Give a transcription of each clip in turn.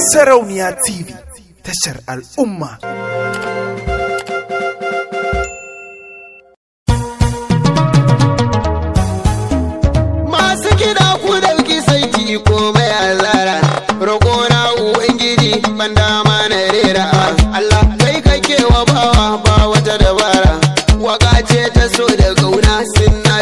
Sarauniya TV tashar al'umma. Masu gida ku dauki saiti komai azara, roƙo na Ubangiji ban dama na rera Allah kai kake wa bawa ba wata dabara, waka ce ta so da gauna sun na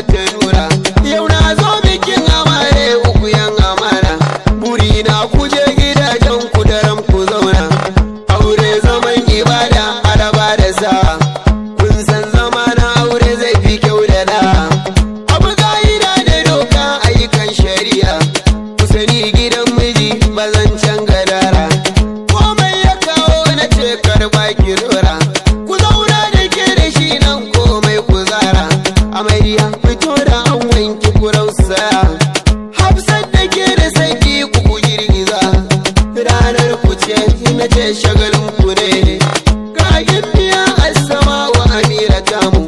gari gidan miji bazan can gadara komai ya kawo na cekar baki lura. ku zauna da ke da shi nan komai ku zara amarya fito da an wanki ku rausa hafsat da ke da sanki ku ku girgiza ranar ku ce na ce shagalin ku ne kayan biya assama wa amira tamu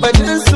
but you.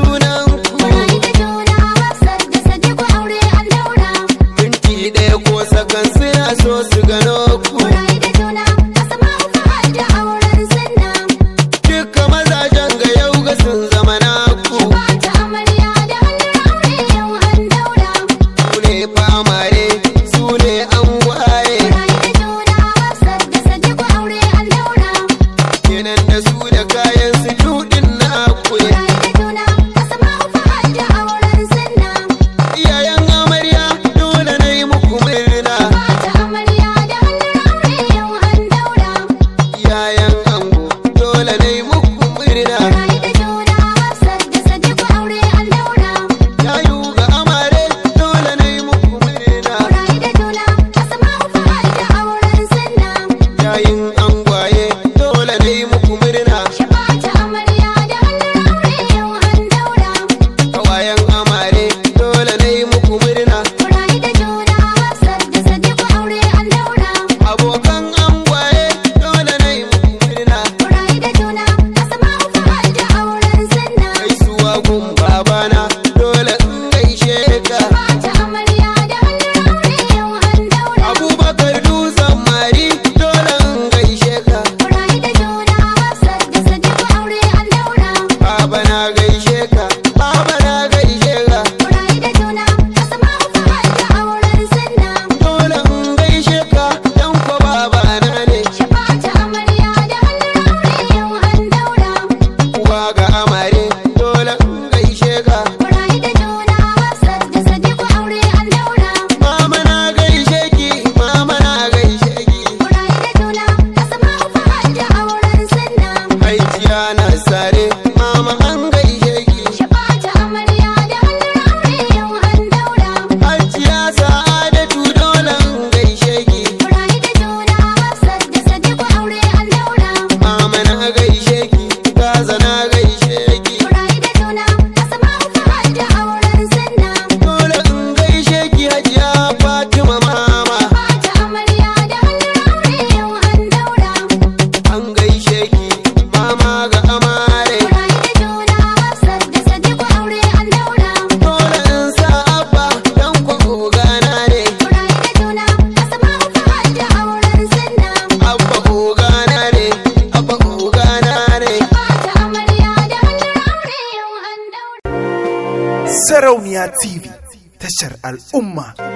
Sarauniya TV, tashar al'umma.